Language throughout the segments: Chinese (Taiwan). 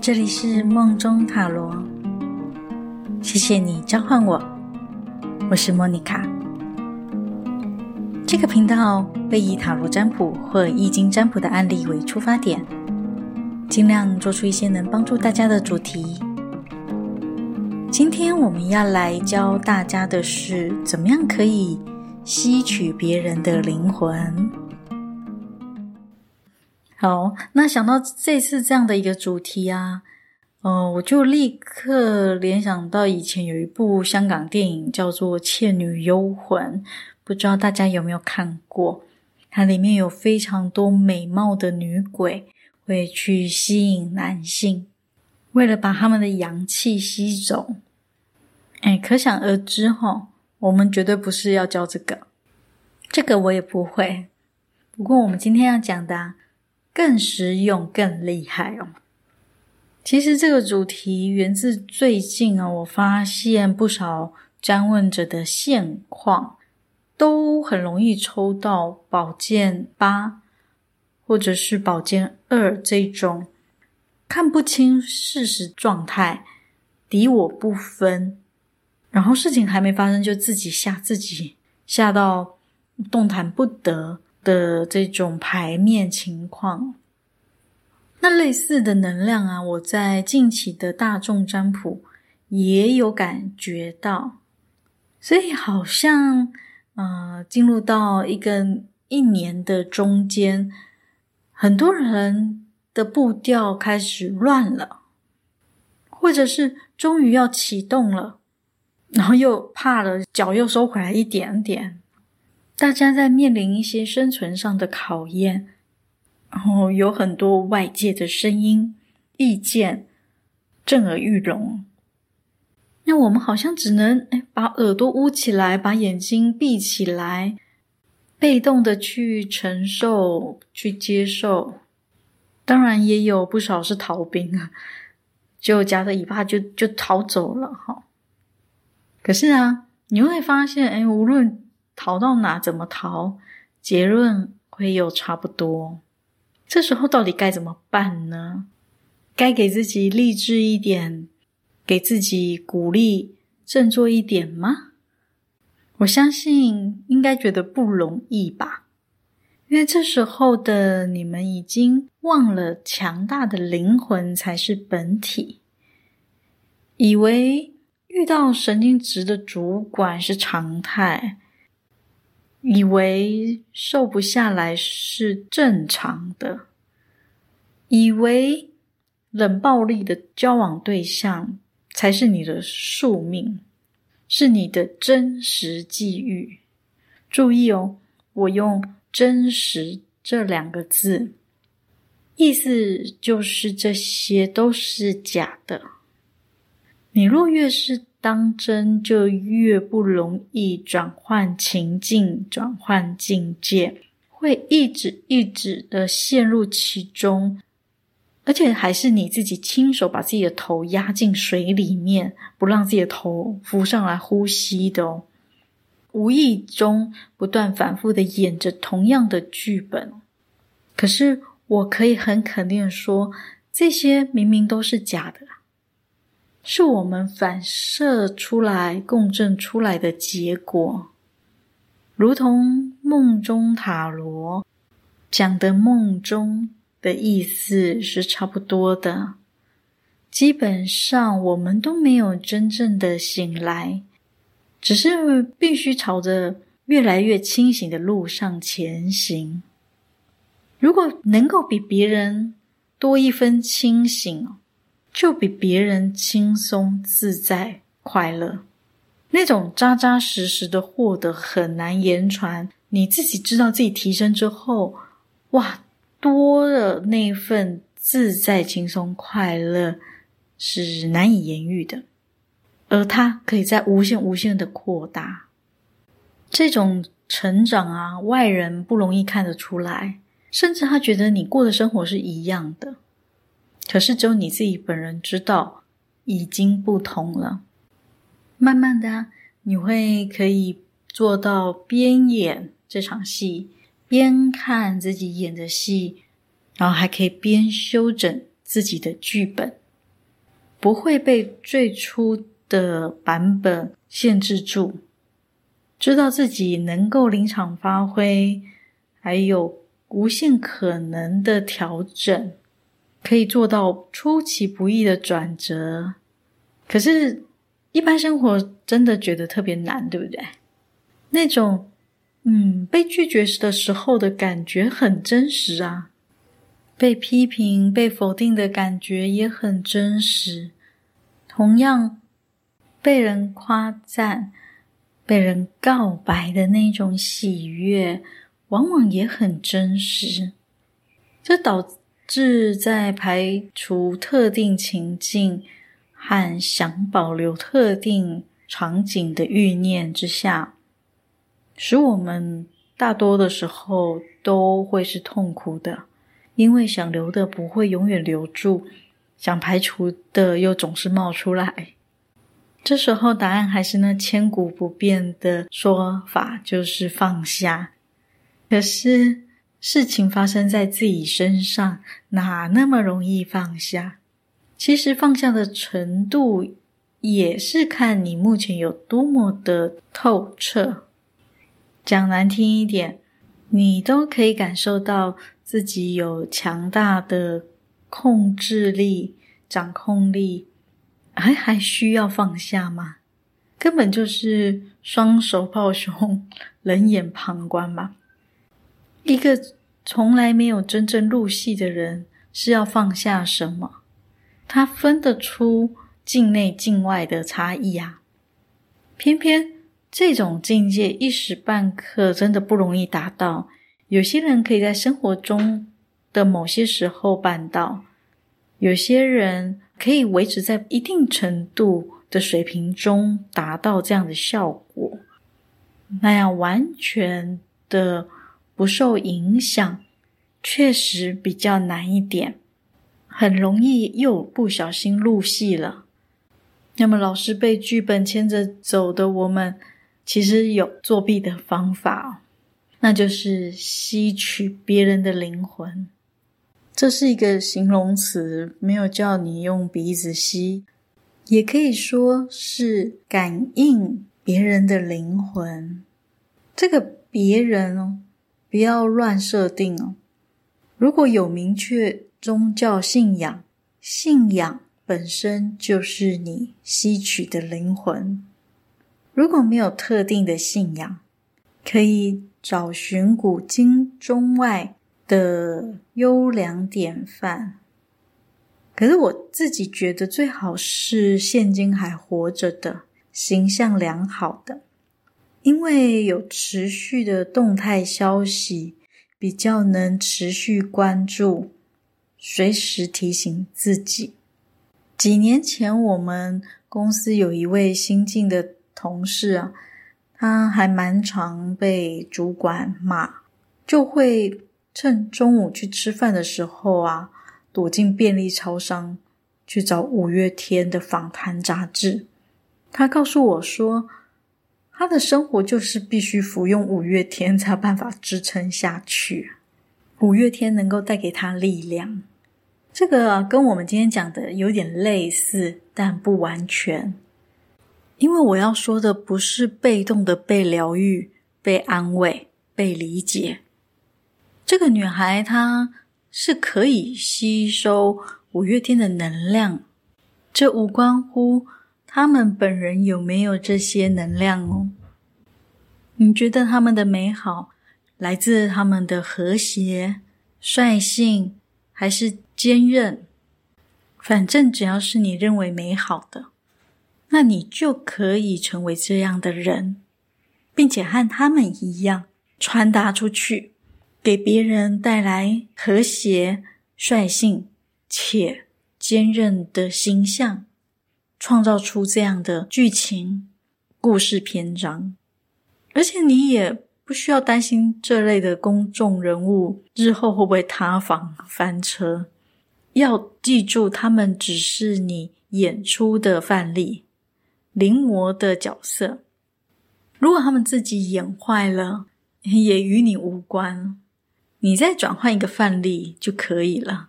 這裡是夢中塔羅，謝謝你召喚我，我是莫妮卡。這個頻道會以塔羅占卜或易經占卜的案例為出發點，盡量做出一些能幫助大家的主題。今天我們要來教大家的是，怎麼樣可以吸取別人的靈魂。好，那想到這次這樣的一個主題啊，呃，我就立刻聯想到以前有一部香港電影叫做《倩女幽魂》，不知道大家有沒有看過？它裡面有非常多美貌的女鬼會去吸引男性，為了把他們的陽氣吸走。哎，可想而知吼，我們絕對不是要教這個，這個我也不會。不過我們今天要講的啊，更實用、更厲害哦！其實這個主題源自最近啊，我發現不少占問者的現況，都很容易抽到寶劍八，或者是寶劍二這種，看不清事實狀態，敵我不分，然後事情還沒發生就自己嚇自己，嚇到動彈不得。的這種牌面情況，那類似的能量啊，我在近期的大眾佔卜也有感覺到，所以好像，呃，進入到一個一年的中間，很多人的步調開始亂了，或者是終於要啟動了，然後又怕了，腳又收回來一點點。大家在面臨一些生存上的考驗，然後有很多外界的聲音、意見震耳欲聾。那我們好像只能、哎、把耳朵捂起來，把眼睛閉起來，被動的去承受、去接受。當然也有不少是逃兵啊，就夾着尾巴就就逃走了哈、哦。可是啊，你會發現哎，無論，逃到哪？怎麼逃？結論會有差不多。這時候到底該怎麼辦呢？該給自己勵志一點，給自己鼓勵，振作一點嗎？我相信應該覺得不容易吧，因為這時候的你們已經忘了強大的靈魂才是本體，以為遇到神經質的主管是常態。以為瘦不下來是正常的，以為冷暴力的交往對象才是你的宿命，是你的真實際遇。注意哦，我用“真實”這兩個字，意思就是這些都是假的。你若越是當真就越不容易轉換情境，轉換境界，會一直一直的陷入其中，而且還是你自己親手把自己的頭壓進水裡面，不讓自己的頭浮上來呼吸的哦。無意中不斷反覆的演着同樣的劇本，可是我可以很肯定的說，這些明明都是假的。是我們反射出來、共振出來的結果，如同夢中塔羅講的夢中的意思是差不多的。基本上，我們都沒有真正的醒來，只是必須朝着越來越清醒的路上前行。如果能夠比別人多一分清醒，就比別人輕鬆、自在、快樂。那種扎扎實實的獲得很難言傳，你自己知道自己提升之後，哇，多了那份自在、輕鬆、快樂是難以言喻的。而它可以在無限、無限的擴大。這種成長啊，外人不容易看得出來，甚至他覺得你過的生活是一樣的。可是，只有你自己本人知道，已經不同了。慢慢的啊，你會可以做到邊演這場戲，邊看自己演的戲，然後還可以邊修整自己的劇本，不會被最初的版本限制住。知道自己能夠臨場發揮，還有無限可能的調整。可以做到出其不意的轉折，可是，一般生活真的覺得特別難，對不對？那種，嗯，被拒絕時的時候的感覺很真實啊，被批評、被否定的感覺也很真實。同樣，被人誇讚、被人告白的那種喜悅，往往也很真實，這導致。志在排除特定情境和想保留特定場景的欲念之下，使我們大多的時候都會是痛苦的，因為想留的不會永遠留住，想排除的又總是冒出來。這時候答案還是那千古不變的說法，就是放下。可是。事情發生在自己身上，哪那麼容易放下？其實放下的程度，也是看你目前有多麼的透徹。講難聽一點，你都可以感受到自己有強大的控制力、掌控力，還還需要放下嗎？根本就是雙手抱胸，冷眼旁觀嘛。一個從來沒有真正入戲的人，是要放下什麼？他分得出境內境外的差異啊。偏偏這種境界一時半刻真的不容易達到。有些人可以在生活中的某些時候辦到，有些人可以維持在一定程度的水平中達到這樣的效果。那樣完全的。不受影響，確實比較難一點，很容易又不小心入戲了。那麼，老是被劇本牽着走的我們，其實有作弊的方法，那就是吸取別人的靈魂。這是一個形容詞，沒有叫你用鼻子吸，也可以說是感應別人的靈魂。這個別人哦。不要亂設定哦。如果有明確宗教信仰，信仰本身就是你吸取的靈魂。如果沒有特定的信仰，可以找尋古今中外的優良典範。可是我自己覺得，最好是現今還活着的，形象良好的。因為有持續的動態消息，比較能持續關注，隨時提醒自己。幾年前，我們公司有一位新進的同事啊，他還蠻常被主管罵，就會趁中午去吃飯的時候啊，躲進便利超商去找五月天的訪談雜誌。他告訴我說，他的生活就是必須服用五月天才有辦法支撐下去，五月天能夠帶給他力量，這個、啊、跟我們今天講的有點類似，但不完全，因為我要說的不是被動的被療癒、被安慰、被理解。這個女孩她是可以吸收五月天的能量，這無關乎。他們本人有沒有這些能量哦？你覺得他們的美好來自他們的和諧、率性還是堅韌？反正只要是你認為美好的，那你就可以成為這樣的人，並且和他們一樣傳達出去，給別人帶來和諧、率性且堅韌的形象。創造出這樣的劇情、故事篇章，而且你也不需要擔心這類的公眾人物日後會不會塌房、翻車。要記住，他們只是你演出的範例、臨摹的角色。如果他們自己演壞了，也與你無關。你再轉換一個範例就可以了。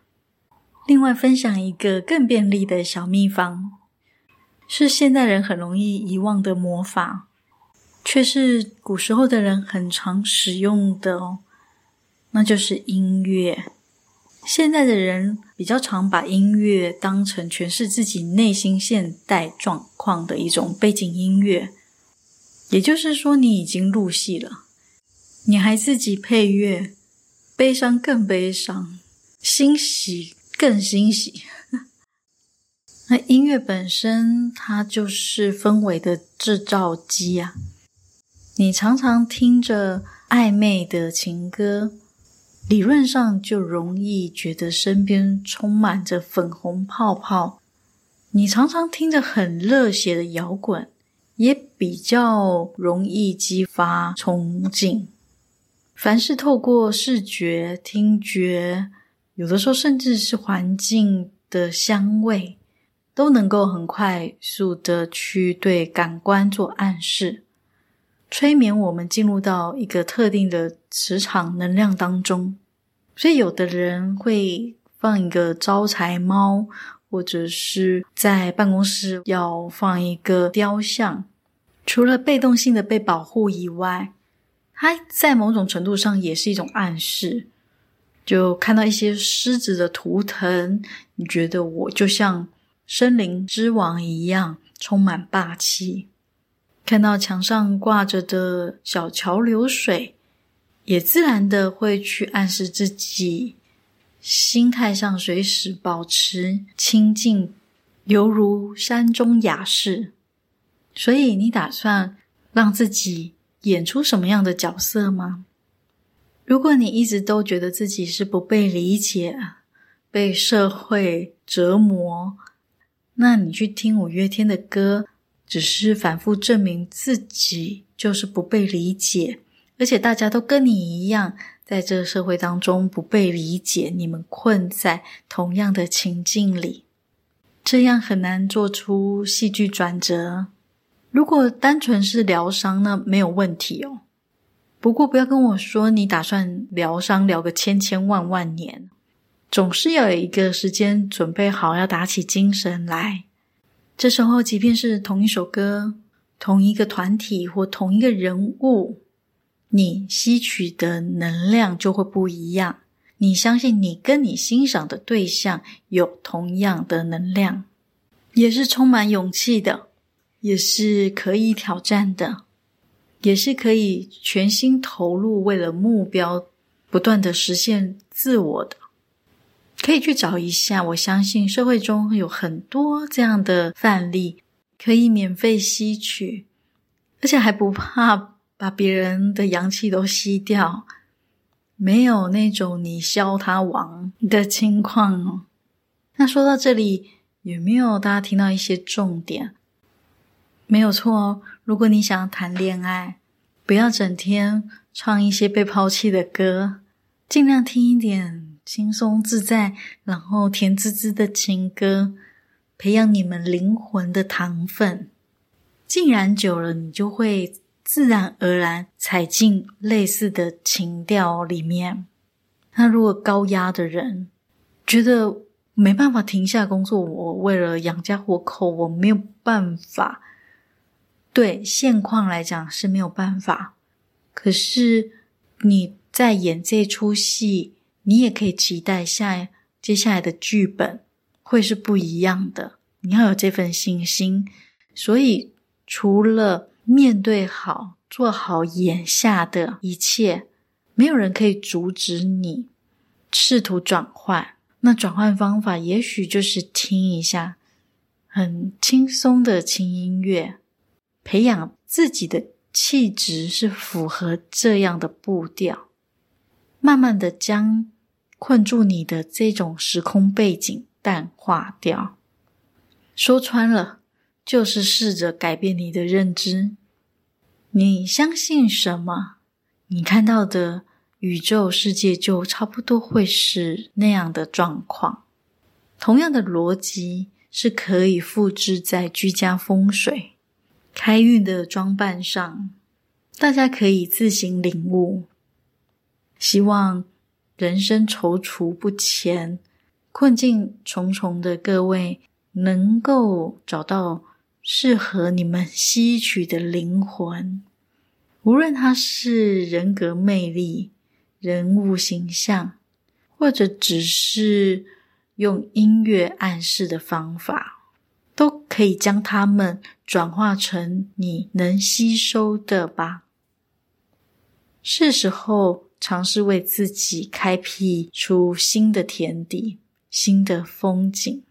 另外，分享一個更便利的小秘方。是現代人很容易遺忘的魔法，卻是古時候的人很常使用的哦。那就是音樂。現在的人比較常把音樂當成詮釋自己內心現代狀況的一種背景音樂。也就是說，你已經入戲了，你還自己配樂，悲傷更悲傷，欣喜更欣喜。那音樂本身，它就是氛圍的製造機啊！你常常聽着曖昧的情歌，理論上就容易覺得身邊充滿着粉紅泡泡；你常常聽着很熱血的搖滾，也比較容易激發憧憬。凡是透過視覺、聽覺，有的時候甚至是環境的香味。都能夠很快速的去對感官做暗示，催眠我們進入到一個特定的磁場能量當中。所以，有的人會放一個招財貓，或者是在辦公室要放一個雕像。除了被動性的被保護以外，它在某種程度上也是一種暗示。就看到一些獅子的圖騰，你覺得我就像……森林之王一樣充滿霸氣，看到牆上掛着的小橋流水，也自然的會去暗示自己，心態上隨時保持清靜，猶如山中雅士。所以，你打算讓自己演出什麼樣的角色嗎？如果你一直都覺得自己是不被理解、被社會折磨。那你去聽五月天的歌，只是反覆證明自己就是不被理解，而且大家都跟你一樣，在這個社會當中不被理解，你們困在同樣的情境裡，這樣很難做出戲劇轉折。如果單純是療傷，那沒有問題哦。不過不要跟我說你打算療傷療個千千萬萬年。總是要有一個時間準備好，要打起精神來。這時候，即便是同一首歌、同一個團體或同一個人物，你吸取的能量就會不一樣。你相信你跟你欣賞的對象有同樣的能量，也是充滿勇氣的，也是可以挑戰的，也是可以全心投入，為了目標不斷的實現自我的。可以去找一下，我相信社會中有很多這樣的範例，可以免費吸取，而且還不怕把別人的陽氣都吸掉，沒有那種你消他亡的情況哦。那說到這裡，有沒有大家聽到一些重點？沒有錯哦。如果你想要談戀愛，不要整天唱一些被拋棄的歌，盡量聽一點，輕鬆自在，然後甜滋滋的情歌，培養你們靈魂的糖分。浸染久了，你就會自然而然踩進類似的情調裡面。那如果高壓的人覺得沒辦法停下工作，我為了養家活口，我沒有辦法。對，現況來講是沒有辦法，可是你在演這一出戲。你也可以期待下，接下來的劇本會是不一樣的。你要有這份信心。所以，除了面對好、做好眼下的一切，沒有人可以阻止你試圖轉換。那轉換方法，也許就是聽一下很輕鬆的輕音樂，培養自己的氣質，是符合這樣的步調。慢慢的將困住你的這種時空背景淡化掉。說穿了，就是試着改變你的認知。你相信什麼，你看到的宇宙世界就差不多會是那樣的狀況。同樣的邏輯是可以複製在居家風水開運的裝扮上，大家可以自行領悟。希望人生躊躇不前、困境重重的各位，能夠找到適合你們吸取的靈魂。無論他是人格魅力、人物形象，或者只是用音樂暗示的方法，都可以將它們轉化成你能吸收的吧。是時候，嘗試為自己開闢出新的天地、新的風景，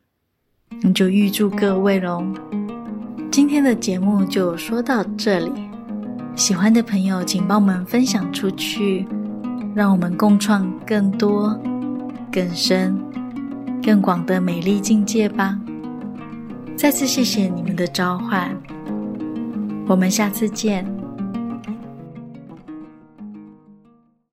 那就預祝各位嘍！今天的節目就說到這裡，喜歡的朋友請幫我們分享出去，讓我們共創更多、更深、更廣的美麗境界吧！再次謝謝你們的召喚，我們下次見。